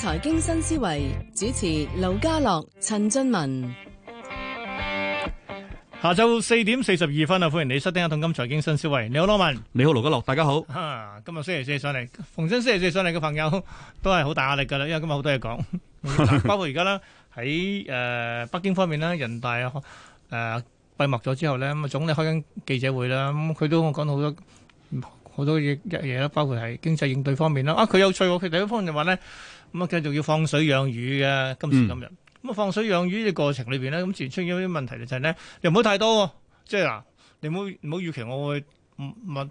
財經新思維主持盧家樂、陳俊文，下晝四點四十二分啊！歡迎你收聽《銅金財經新思維》，你好羅文，Roman、你好盧家樂，大家好。啊、今日星期四上嚟，逢星期四上嚟嘅朋友都係好大壓力噶啦，因為今日好多嘢講，包括而家啦喺誒北京方面啦，人大啊誒閉幕咗之後咧，咁啊總理開緊記者會啦，咁佢都我講好多。好多嘢嘢啦，包括係經濟應對方面啦。啊，佢有趣喎！佢第一方面就話咧，咁、嗯、啊繼續要放水養魚嘅今時今日。咁啊、嗯、放水養魚嘅過程裏邊咧，咁自然出現咗啲問題就係咧，又唔好太多，即係嗱，你唔好唔好預期我會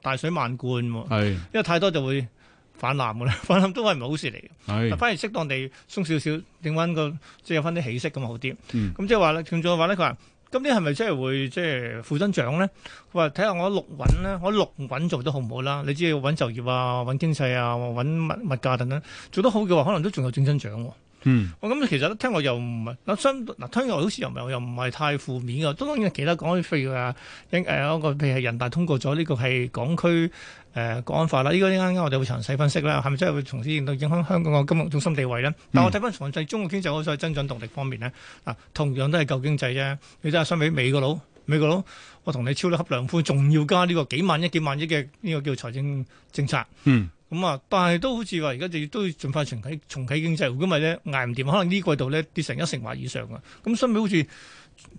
大水漫灌喎。係，因為太多就會泛濫嘅咧，泛濫都係唔係好事嚟。係是，反而適當地鬆少少，定翻個即係有翻啲起色咁好啲。咁即係話咧，轉咗話咧佢話。噉你係咪真係會即係負增長咧？佢話睇下我六穩咧，我六穩做得好唔好啦？你知要穩就業啊、穩經濟啊、穩物物價等等，做得好嘅話，可能都仲有正增長、哦。嗯，我咁你其實咧聽落又唔係，嗱相嗱，聽落又好似又唔係，我又唔係太負面噶，都當然其他講啲廢話㗎，應誒嗰個譬如係人大通過咗呢個係港區誒《國安法》啦，依家依家我哋會詳細分析啦，係咪真係會從此影響香港嘅金融中心地位咧？但係我睇翻實際中國經濟嘅增長動力方面咧，嗱，同樣都係舊經濟啫。你睇下相比美國佬，美國佬，我同你超級量寬，仲要加呢個幾萬億、幾萬億嘅呢個叫財政政策。嗯。咁啊、嗯，但係都好似話而家仲都要盡快重啟重啟經濟，如果唔係咧，捱唔掂，可能呢季度咧跌成一成或以上啊。咁相比好似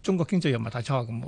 中國經濟又唔係太差咁。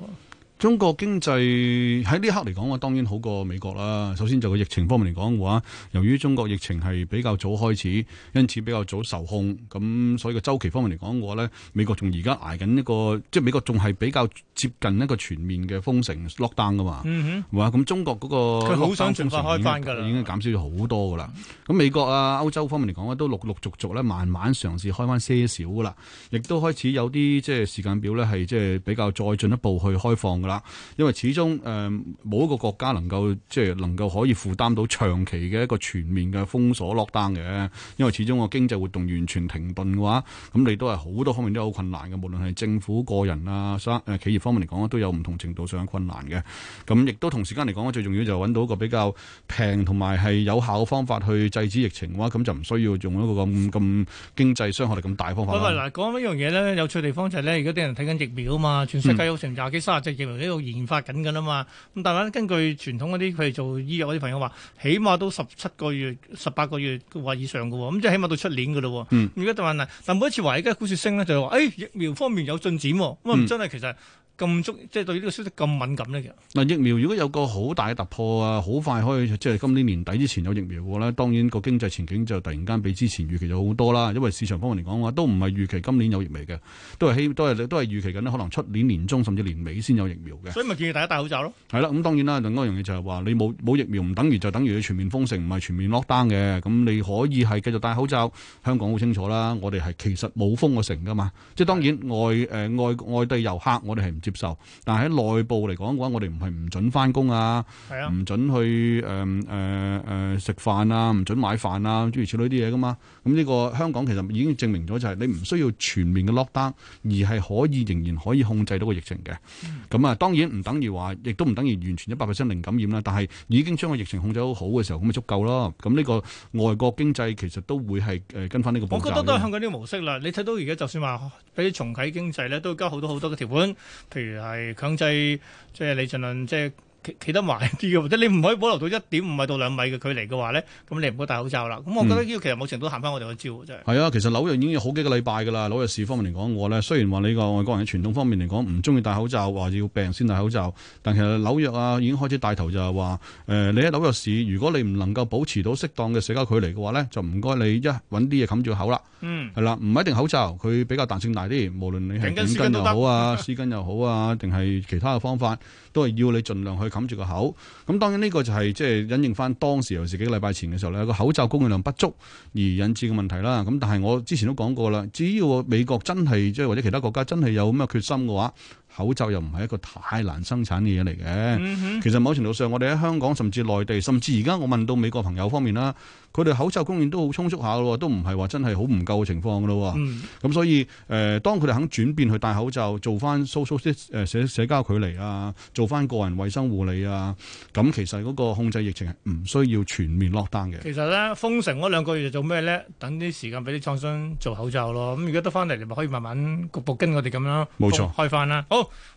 中國經濟喺呢一刻嚟講，我當然好過美國啦。首先就個疫情方面嚟講嘅話，由於中國疫情係比較早開始，因此比較早受控。咁所以個周期方面嚟講嘅話咧，美國仲而家挨緊一個，即係美國仲係比較接近一個全面嘅封城落單噶嘛。嗯哼。係，咁中國嗰個佢好想盡快開翻噶啦，封城已經減，已經減少咗好多噶啦。咁美國啊，歐洲方面嚟講咧，都陸陸續續咧，慢慢嘗試開翻些少噶啦，亦都開始有啲即係時間表咧，係即係比較再進一步去開放噶啦。因為始終誒冇、呃、一個國家能夠即係能夠可以負擔到長期嘅一個全面嘅封鎖 lockdown 嘅，因為始終個經濟活動完全停頓嘅話，咁你都係好多方面都係好困難嘅，無論係政府、個人啊、企、呃、企業方面嚟講，都有唔同程度上嘅困難嘅。咁亦都同時間嚟講，最重要就揾到一個比較平同埋係有效嘅方法去制止疫情嘅話，咁就唔需要用一個咁咁經濟傷害力咁大嘅方法。嗱，講呢樣嘢咧，有趣地方就係咧，而家啲人睇緊疫苗啊嘛，全世界有成廿幾卅隻疫苗，嗯。喺度研發緊噶啦嘛，咁但係根據傳統嗰啲，佢哋做醫藥嗰啲朋友話，起碼都十七個月、十八個月或以上噶、哦，咁即係起碼到出年噶咯、哦。嗯，而家就話、是、嗱，但每一次話而家股市升咧，就係話誒疫苗方面有進展、哦，咁啊真係其實。嗯咁足即係對呢個消息咁敏感呢？其實嗱，疫苗如果有個好大嘅突破啊，好快可以即係今年年底之前有疫苗嘅話咧，當然個經濟前景就突然間比之前預期咗好多啦。因為市場方面嚟講嘅話，都唔係預期今年有疫苗嘅，都係希都係都係預期緊可能出年年中甚至年尾先有疫苗嘅。所以咪建議大家戴口罩咯。係啦，咁、嗯、當然啦，另外一樣嘢就係話你冇冇疫苗唔等於就等於你全面封城，唔係全面落單嘅。咁、嗯、你可以係繼續戴口罩。香港好清楚啦，我哋係其實冇封過城㗎嘛。即係當然外誒、呃、外外地遊客我，我哋係。接受，但係喺內部嚟講嘅話，我哋唔係唔準翻工啊，唔、啊、準去誒誒誒食飯啊，唔準買飯啊，諸如此類啲嘢噶嘛。咁、嗯、呢、這個香港其實已經證明咗，就係你唔需要全面嘅 lock down，而係可以仍然可以控制到個疫情嘅。咁、嗯、啊、嗯嗯，當然唔等於話，亦都唔等於完全一百 percent 零感染啦。但係已經將個疫情控制到好嘅時候，咁咪足夠咯。咁、嗯、呢、這個外國經濟其實都會係誒跟翻呢個。我覺得都係香港啲模式啦。你睇到而家就算話俾啲重啟經濟咧，都加好多好多嘅條款。譬如係強制，即係你盡量，即係。企得埋啲嘅，或者你唔可以保留到一點五米到兩米嘅距離嘅話咧，咁你唔好戴口罩啦。咁、嗯、我覺得呢個其實某程度行翻我哋個招真係。係啊，其實紐約已經有好幾個禮拜㗎啦。紐約市方面嚟講，我咧雖然話你個外國人喺傳統方面嚟講唔中意戴口罩，話要病先戴口罩，但其實紐約啊已經開始帶頭就係話，誒、呃、你喺紐約市，如果你唔能夠保持到適當嘅社交距離嘅話咧，就唔該你一揾啲嘢冚住口啦。嗯，係啦、啊，唔係一定口罩，佢比較彈性大啲，無論你係巾又好啊，絲巾又好啊，定係其他嘅方法，都係要你儘量去。冚住個口，咁當然呢個就係即係引應返當時尤其幾個禮拜前嘅時候咧，個口罩供應量不足而引致嘅問題啦。咁但係我之前都講過啦，只要美國真係即係或者其他國家真係有咁嘅決心嘅話，口罩又唔係一個太難生產嘅嘢嚟嘅，嗯、哼其實某程度上我哋喺香港，甚至內地，甚至而家我問到美國朋友方面啦，佢哋口罩供應都好充足下嘅喎，都唔係話真係好唔夠嘅情況嘅咯喎。咁、嗯嗯、所以誒，當佢哋肯轉變去戴口罩，做翻 social 誒社社交距離啊，做翻個人衞生護理啊，咁其實嗰個控制疫情係唔需要全面落單嘅。其實咧封城嗰兩個月就做咩咧？等啲時間俾啲廠商做口罩咯。咁而家得翻嚟，你咪可以慢慢逐步跟我哋咁樣錯開翻啦。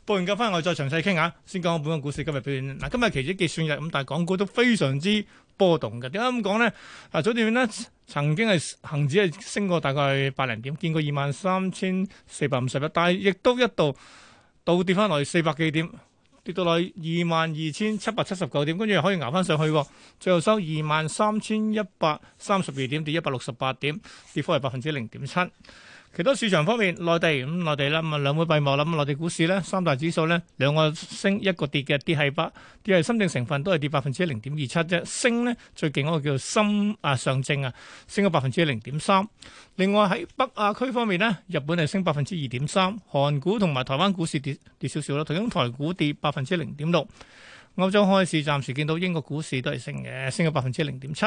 報完價翻嚟我再詳細傾下，先講我本港股市今日表現。嗱，今日期指結算日咁，但係港股都非常之波動嘅。點解咁講呢？嗱、啊，早段呢曾經係恆指係升過大概百零點，見過二萬三千四百五十一點，但係亦都一度倒跌翻落去四百幾點，跌到落去二萬二千七百七十九點，跟住又可以熬翻上去，最後收二萬三千一百三十二點，跌一百六十八點，跌幅係百分之零點七。其他市場方面，內地咁內地啦，咁兩會閉幕啦，咁內地股市咧，三大指數咧，兩個升一個跌嘅，跌係八，跌係深證成分都係跌百分之零點二七啫。升咧最勁嗰個叫做深啊上證啊，升咗百分之零點三。另外喺北亞區方面咧，日本係升百分之二點三，韓股同埋台灣股市跌跌少少啦，同樣台股跌百分之零點六。歐洲開市暫時見到英國股市都係升嘅，升咗百分之零點七。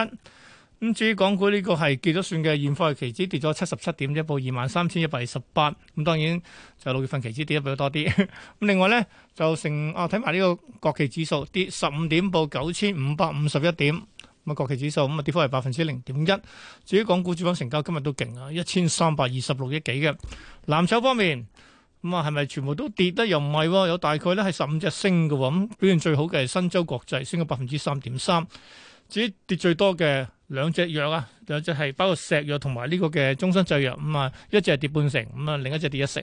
咁至於港股呢、呢個係結咗算嘅現貨期指跌咗七十七點，一報二萬三千一百二十八。咁當然就六月份期指跌得比較多啲。咁 另外咧就成啊睇埋呢個國企指數跌十五點,點，報九千五百五十一點。咁啊國企指數咁啊、嗯、跌幅係百分之零點一。至於港股主板成交今日都勁啊，一千三百二十六億幾嘅。藍籌方面咁啊，係、嗯、咪全部都跌得又唔係、哦，有大概咧係十五隻升嘅。咁、嗯、表現最好嘅係新洲國際，升咗百分之三點三。至於跌最多嘅兩隻藥啊，兩隻係包括石藥同埋呢個嘅中生製藥咁啊，一隻係跌半成，咁啊另一隻跌一成。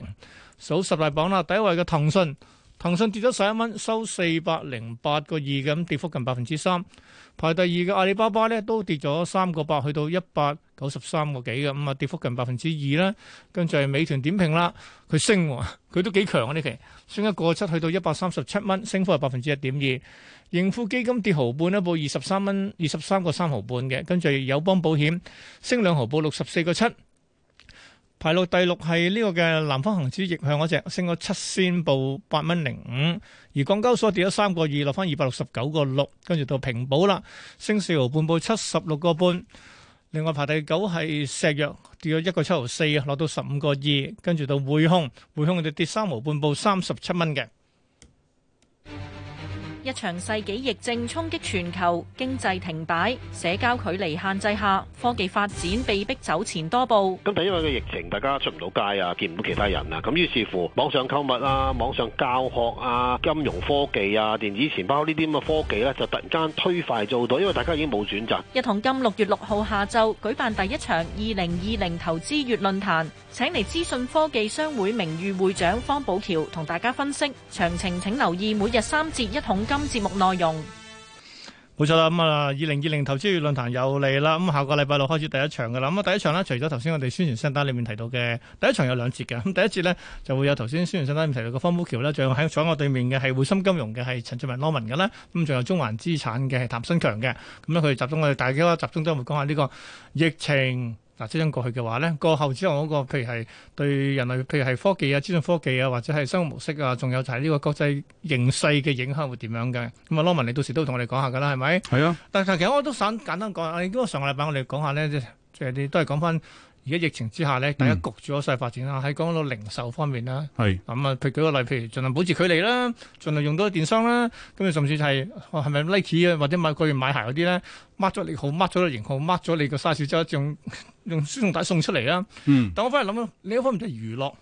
數十大榜啦，第一位嘅騰訊。騰訊跌咗十一蚊，收四百零八個二，咁跌幅近百分之三。排第二嘅阿里巴巴咧，都跌咗三個八，去到一百九十三個幾嘅，咁啊跌幅近百分之二啦。跟住係美團點評啦，佢升，佢都幾強啊呢期，升一個七，去到一百三十七蚊，升幅係百分之一點二。盈富基金跌毫半，報二十三蚊二十三個三毫半嘅。跟住友邦保險升兩毫，報六十四個七。排到第六係呢個嘅南方恆指逆向嗰隻，升咗七仙，報八蚊零五，而港交所跌咗三個二，落翻二百六十九個六，跟住到平保啦，升四毫半，報七十六個半。另外排第九係石藥，跌咗一個七毫四啊，落到十五個二，跟住到匯控，匯控佢哋跌三毫半，報三十七蚊嘅。一場世紀疫症衝擊全球經濟停擺、社交距離限制下，科技發展被迫走前多步。咁因為個疫情，大家出唔到街啊，見唔到其他人啦。咁於是乎，網上購物啊、網上教學啊、金融科技啊、電子錢包呢啲咁嘅科技咧，就突然間推快做咗。因為大家已經冇選擇。一桶金六月六號下晝舉辦第一場二零二零投資月論壇，請嚟資訊科技商會名譽會長方寶橋同大家分析詳情，請留意每日三節一桶金。今節目內容冇錯啦，咁啊，二零二零投資月論壇又嚟啦，咁、嗯、下個禮拜六開始第一場噶啦，咁、嗯、啊第一場呢，除咗頭先我哋宣傳信單裏面提到嘅，第一場有兩節嘅，咁、嗯、第一節呢，就會有頭先宣傳信單裏面提到嘅方保僑咧，仲有喺坐喺我對面嘅，係匯深金融嘅，係陳俊文 Norman 嘅啦，咁、嗯、仲有中環資產嘅譚新強嘅，咁咧佢哋集中我哋大家集中都會講下呢個疫情。嗱，即將過去嘅話咧，過後之後嗰個，譬如係對人類，譬如係科技啊、資訊科技啊，或者係生活模式啊，仲有就係呢個國際形勢嘅影響會點樣嘅咁啊羅文，你到時都同我哋講下㗎啦，係咪？係啊，但係其實我都想簡單講，因為上個禮拜我哋講下咧，即係，你都係講翻。而家疫情之下咧，大家焗住咗，細發展啦。喺講、嗯、到零售方面啦，係咁啊，譬如舉個例，譬如盡量保持距離啦，盡量用到電商啦，咁你甚至係係咪 Nike 啊，是是 like，或者買嗰件買鞋嗰啲咧，mark 咗你號，mark 咗型號，mark 咗你個 size 之後，用用輸送帶送出嚟啦。嗯，但我翻嚟諗咯，另一方面就係娛樂。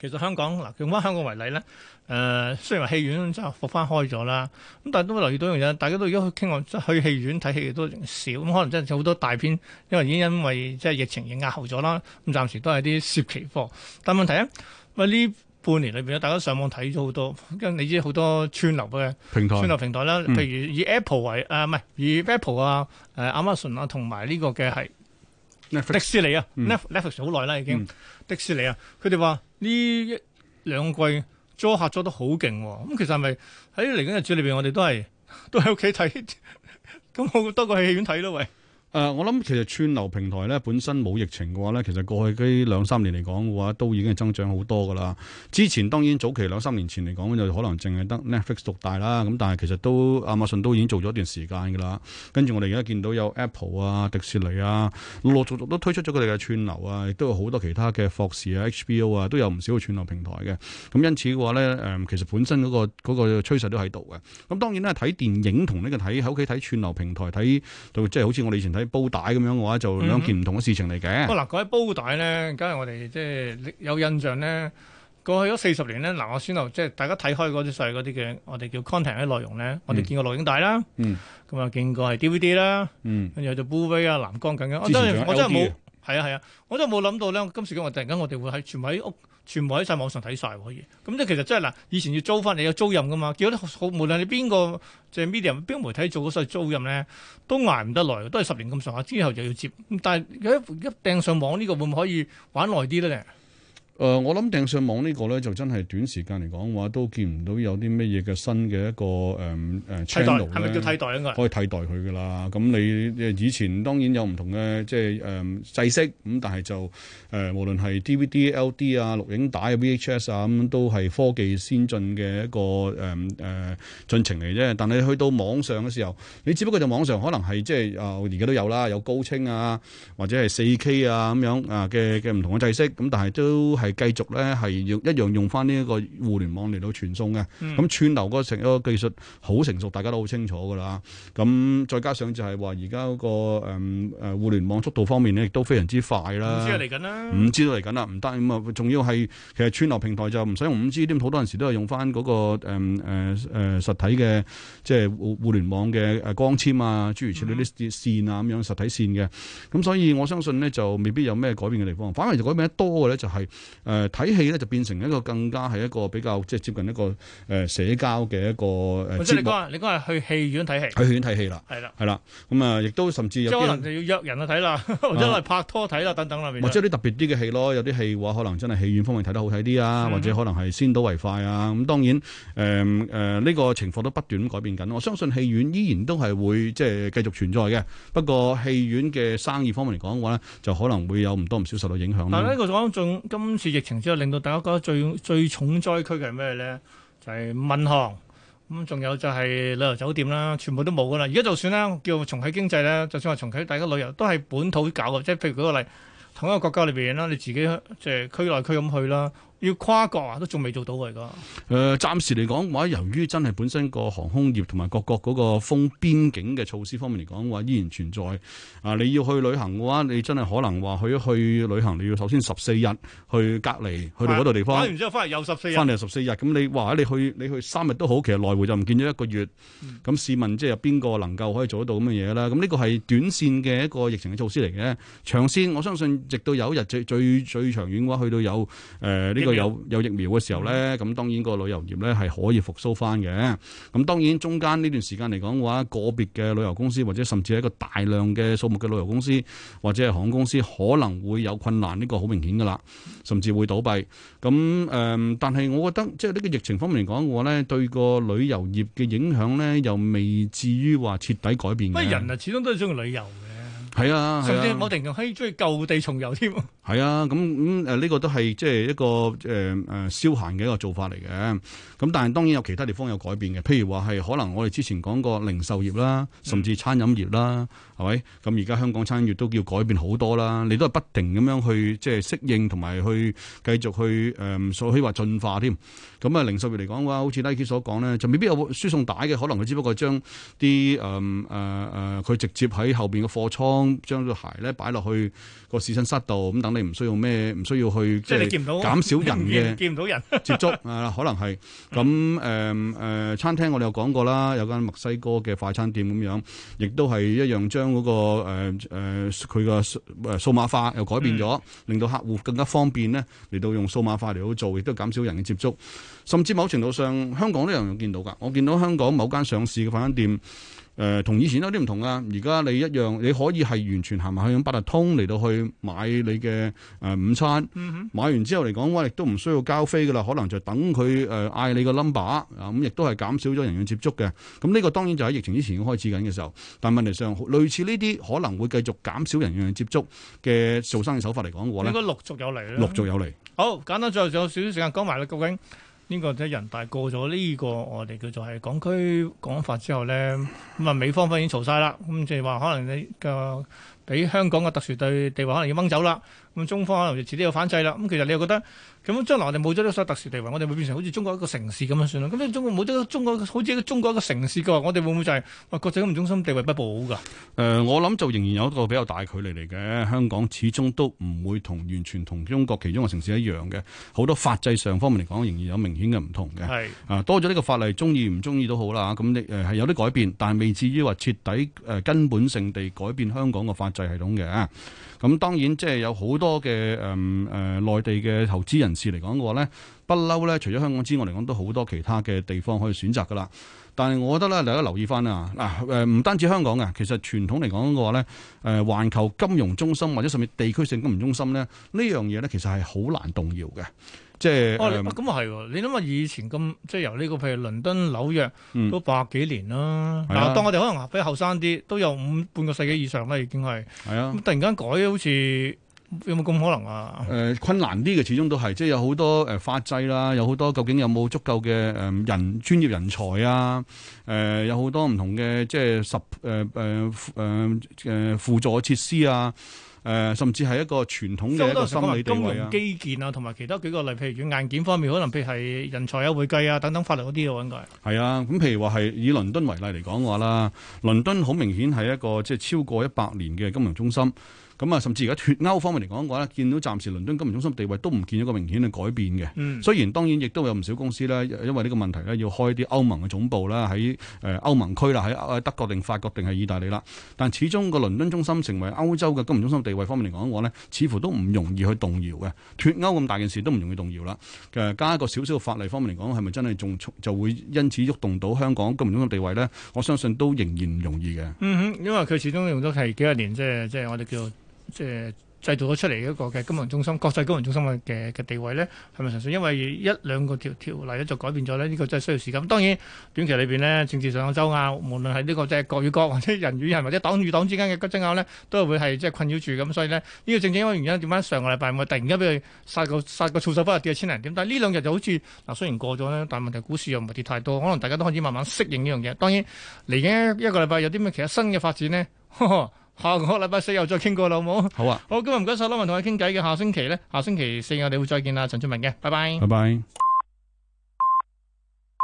其實香港嗱，用翻香港為例咧。誒、呃，雖然話戲院就復翻開咗啦，咁但係都留意到一樣嘢，大家都而家傾往去戲院睇戲都少咁，可能真係有好多大片，因為已經因為即係疫情而壓後咗啦。咁暫時都係啲涉期貨，但係問題咧，喂呢半年裏邊大家上網睇咗好多，因為你知好多串流嘅平台串流平台啦，譬台如以 Apple 為誒唔係以 Apple 啊誒、啊、Amazon 啊同埋呢個嘅係 Netflix, 迪士尼啊 Netflix 好耐啦，已經、嗯嗯、迪士尼啊，佢哋話。呢一兩季租客租得好勁喎，咁其實係咪喺嚟緊日子裏邊？我哋都係都喺屋企睇，咁我好多過去戲院睇咯，喂！誒、呃，我諗其實串流平台咧本身冇疫情嘅話咧，其實過去嗰兩三年嚟講嘅話，都已經係增長好多噶啦。之前當然早期兩三年前嚟講，就可能淨係得 Netflix 獨大啦。咁但係其實都亞馬遜都已經做咗一段時間噶啦。跟住我哋而家見到有 Apple 啊、迪士尼啊，陸陸續續都推出咗佢哋嘅串流啊，亦都有好多其他嘅霍士啊、HBO 啊，都有唔少嘅串流平台嘅。咁、嗯、因此嘅話咧，誒、呃，其實本身嗰、那個嗰、那個趨勢都喺度嘅。咁、嗯、當然咧，睇電影同呢、這個睇喺屋企睇串流平台睇，到即係好似我哋以前睇。煲帶咁樣嘅話，就兩件唔同嘅事情嚟嘅、嗯。不過嗱，講起煲帶咧，梗係我哋即係有印象咧，過去咗四十年咧。嗱，我先頭即係大家睇開嗰啲細嗰啲嘅，我哋叫 content 嘅內容咧，我哋見過錄影帶啦，嗯，咁啊見過係 DVD 啦，嗯，跟住有啲 Blu-ray 啊、藍光咁樣。我真係我真係冇。係啊係啊，我都冇諗到咧。今時今日突然間我，我哋會喺全部喺屋，全部喺晒網上睇晒。可以咁即係其實真係嗱，以前要租翻你有租任㗎嘛，結果，好無論你邊個即係、就是、medium 邊個媒體做嗰些租任咧，都捱唔得耐，都係十年咁上下之後就要接。咁但係一一掟上網呢、這個會唔可以玩耐啲咧？誒、呃，我諗訂上網個呢個咧，就真係短時間嚟講話，都見唔到有啲乜嘢嘅新嘅一個誒誒替代，係咪叫替代啊？可以替代佢噶啦。咁、嗯、你以前當然有唔同嘅即係誒制式，咁、嗯、但係就誒、呃、無論係 D V D、L D 啊、錄影帶 V H S 啊，咁、嗯、都係科技先進嘅一個誒誒進程嚟啫。但係去到網上嘅時候，你只不過就網上可能係即係誒而家都有啦，有高清啊，或者係四 K 啊咁樣啊嘅嘅唔同嘅制式，咁但係都係。係繼續咧，係要一樣用翻呢一個互聯網嚟到傳送嘅。咁串、嗯嗯、流嗰成一個技術好成熟，大家都好清楚噶啦。咁、嗯、再加上就係話而家個誒誒、嗯、互聯網速度方面咧，亦都非常之快啦。五 G 嚟緊啦，五 G 都嚟緊啦，唔得咁啊！仲、嗯、要係其實串流平台就唔使用五 G，咁好多陣時都係用翻嗰、那個誒誒誒實體嘅即係互互聯網嘅誒光纖啊，諸如此類啲綫啊咁樣實體綫嘅。咁、嗯、所以我相信咧就未必有咩改變嘅地方，反而改變得多嘅咧就係、是。誒，睇戲咧就變成一個更加係一個比較即係接近一個誒、呃、社交嘅一個誒。我你講下，你講係去戲院睇戲，去戲院睇戲啦，係啦的，係啦。咁、嗯、啊，亦都甚至有可能就要約人去睇啦，或者係拍拖睇啦，等等啦、呃，或者啲特別啲嘅戲咯，有啲戲嘅話可能真係戲院方面睇得好睇啲啊，的或者可能係先睹為快啊。咁當然，誒誒呢個情況都不斷改變緊。我相信戲院依然都係會即係繼續存在嘅，不過戲院嘅生意方面嚟講嘅話咧，就可能會有唔多唔少受到影響。但係呢個講仲今。疫情之後，令到大家覺得最最重災區嘅係咩咧？就係、是、民航。咁仲有就係旅遊酒店啦，全部都冇㗎喇。而家就算啦，叫重啟經濟咧，就算話重啟大家旅遊，都係本土搞嘅，即係譬如舉個例，同一個國家裏邊啦，你自己即係區內區咁去啦。要跨國啊，都仲未做到嚟噶。誒，暫時嚟講，話由於真係本身個航空業同埋各國嗰個封邊境嘅措施方面嚟講，話、呃、依然存在。啊、呃，你要去旅行嘅話，你真係可能話去去旅行，你要首先十四日去隔離，去到嗰度地方。翻完之後翻嚟又十四日，翻嚟十四日。咁你話你去你去三日都好，其實來回就唔見咗一個月。咁、嗯、試問，即係有邊個能夠可以做得到咁嘅嘢啦？咁呢個係短線嘅一個疫情嘅措施嚟嘅。長線，我相信直到有一日最最最長遠嘅話，去到有誒呢。呃嗯個有有疫苗嘅時候咧，咁當然個旅遊業咧係可以復甦翻嘅。咁當然中間呢段時間嚟講嘅話，個別嘅旅遊公司或者甚至係一個大量嘅數目嘅旅遊公司或者係航空公司可能會有困難，呢、這個好明顯噶啦，甚至會倒閉。咁、嗯、誒，但係我覺得即係呢個疫情方面嚟講嘅話咧，對個旅遊業嘅影響咧又未至於話徹底改變。乜人啊，始終都係中意旅遊嘅，係啊，我、啊、甚至某程度可以中意舊地重遊添。係啊，咁咁誒呢個都係即係一個誒誒、呃呃、消閒嘅一個做法嚟嘅。咁但係當然有其他地方有改變嘅，譬如話係可能我哋之前講過零售業啦，甚至餐飲業啦，係咪、嗯？咁而家香港餐飲業都叫改變好多啦。你都係不停咁樣去即係適應同埋去繼續去誒，所以話進化添。咁、呃、啊，零售業嚟講嘅話，好似 Nike 所講咧，就未必有輸送帶嘅，可能佢只不過將啲誒誒誒，佢、呃呃呃呃、直接喺後邊嘅貨倉將對鞋咧擺落去個試身室度咁等。你唔需要咩？唔需要去即係減少人嘅， 見唔到人接觸啊， 可能係咁誒誒，餐廳我哋有講過啦，有間墨西哥嘅快餐店咁樣，亦都係一樣將嗰、那個誒誒佢個誒數碼化又改變咗，嗯、令到客戶更加方便咧，嚟到用數碼化嚟到做，亦都減少人嘅接觸，甚至某程度上香港都有人見到噶。我見到香港某間上市嘅快餐店。誒，同、呃、以前有啲唔同啊！而家你一樣，你可以係完全行埋去用八達通嚟到去買你嘅誒、呃、午餐。嗯哼買完之後嚟講，我亦都唔需要交飛㗎喇，可能就等佢誒嗌你個 number 啊，咁亦都係減少咗人與接觸嘅。咁、嗯、呢、這個當然就喺疫情之前開始緊嘅時候，但問題上類似呢啲可能會繼續減少人員接觸嘅做生意手法嚟講嘅話咧，應該陸續有嚟啦。陸續有嚟。好，簡單最後仲有少少時間講埋啦，究竟？呢個即係人大過咗呢個我哋叫做係港區國安法之後咧，咁啊美方當然嘈晒啦，咁即係話可能你、這個。俾香港嘅特殊地地位可能要掹走啦，咁中方可能就遲啲有反制啦。咁其實你又覺得咁將來我哋冇咗呢個特殊地位，我哋會變成好似中國一個城市咁樣算啦？咁你中國冇咗中國好似中國一個城市嘅話，我哋會唔會就係話國際金融中心地位不保㗎？誒、呃，我諗就仍然有一個比較大距離嚟嘅。香港始終都唔會同完全同中國其中嘅城市一樣嘅，好多法制上方面嚟講仍然有明顯嘅唔同嘅是、呃。多咗呢個法例，中意唔中意都好啦咁你誒係有啲改變，但係未至於話徹底誒、呃、根本性地改變香港嘅法制系統嘅，咁當然，即係有好多嘅誒誒內地嘅投資人士嚟講嘅話咧，不嬲咧，除咗香港之外嚟講，都好多其他嘅地方可以選擇噶啦。但係我覺得咧，大家留意翻啊，嗱、呃、誒，唔單止香港啊，其實傳統嚟講嘅話咧，誒、呃，環球金融中心或者甚至地區性金融中心咧，這個、呢樣嘢咧，其實係好難動搖嘅。即係哦，咁、呃、啊係喎！你諗下以前咁，即係由呢個譬如倫敦、紐約都百幾年啦。嗱、嗯啊，當我哋可能比較後生啲，都有五半個世紀以上啦，已經係。係啊、嗯！咁突然間改，好似有冇咁可能啊？誒、呃，困難啲嘅始終都係，即係有好多誒法、呃、制啦、啊，有好多究竟有冇足夠嘅誒人專業人才啊？誒、呃，有好多唔同嘅即係十誒誒誒誒輔助設施啊！誒、呃，甚至係一個傳統嘅一個心理金融基建啊，同埋其他幾個例，譬如軟硬件方面，可能譬如係人才啊、會計啊等等法律嗰啲，我應該係啊，咁譬如話係以倫敦為例嚟講嘅話啦，倫敦好明顯係一個即係超過一百年嘅金融中心。咁啊，甚至而家脫歐方面嚟講嘅話呢，見到暫時倫敦金融中心地位都唔見咗個明顯嘅改變嘅。嗯、雖然當然亦都有唔少公司咧，因為呢個問題咧要開啲歐盟嘅總部啦，喺誒歐盟區啦，喺德國定法國定係意大利啦。但始終個倫敦中心成為歐洲嘅金融中心地位方面嚟講嘅話呢，似乎都唔容易去動搖嘅。脫歐咁大件事都唔容易動搖啦。加一個少少法例方面嚟講，係咪真係仲就會因此喐動到香港金融中心地位呢？我相信都仍然唔容易嘅、嗯。因為佢始終用咗係幾十年，即係即係我哋叫。即係製造咗出嚟一個嘅金融中心，國際金融中心嘅嘅地位咧，係咪純粹因為一兩個條條例咧就改變咗咧？呢個真係需要時間。當然短期裏邊咧，政治上嘅爭拗，無論係呢個即係國與國或者人與人或者黨與黨之間嘅爭拗咧，都係會係即係困擾住咁。所以呢，呢個正正因為原因，點解？上個禮拜咪突然間俾佢殺個殺個措手不及，跌千零點。但係呢兩日就好似嗱，雖然過咗呢，但係問題股市又唔係跌太多，可能大家都開始慢慢適應呢樣嘢。當然嚟緊一個禮拜有啲咩其他新嘅發展呢？呵，呵。下個禮拜四又再傾過啦，好唔好？好啊，好，今日唔該晒啦，同你傾偈嘅。下星期咧，下星期四我哋會再見啦，陳俊文嘅，拜拜，拜拜。